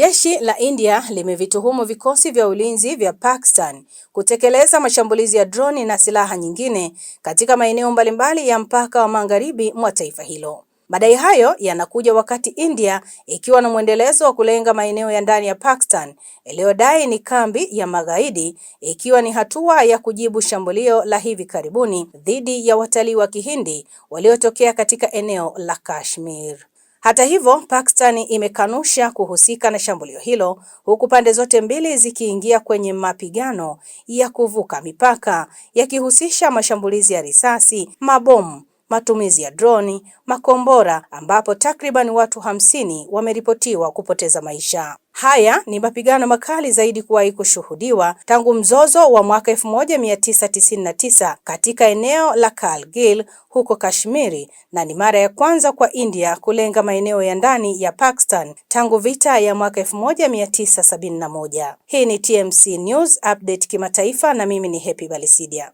Jeshi la India limevituhumu vikosi vya ulinzi vya Pakistan kutekeleza mashambulizi ya droni na silaha nyingine katika maeneo mbalimbali ya mpaka wa magharibi mwa taifa hilo. Madai hayo yanakuja wakati India ikiwa na mwendelezo wa kulenga maeneo ya ndani ya Pakistan iliyodai ni kambi ya magaidi, ikiwa ni hatua ya kujibu shambulio la hivi karibuni dhidi ya watalii wa Kihindi waliotokea katika eneo la Kashmir. Hata hivyo, Pakistan imekanusha kuhusika na shambulio hilo huku pande zote mbili zikiingia kwenye mapigano ya kuvuka mipaka yakihusisha mashambulizi ya risasi, mabomu matumizi ya droni, makombora ambapo takriban watu hamsini wameripotiwa kupoteza maisha. Haya ni mapigano makali zaidi kuwahi kushuhudiwa tangu mzozo wa mwaka 1999 katika eneo la Kargil huko Kashmiri na ni mara ya kwanza kwa India kulenga maeneo ya ndani ya Pakistan tangu vita ya mwaka 1971. Hii ni TMC News Update kimataifa na mimi ni Happy Balisidia.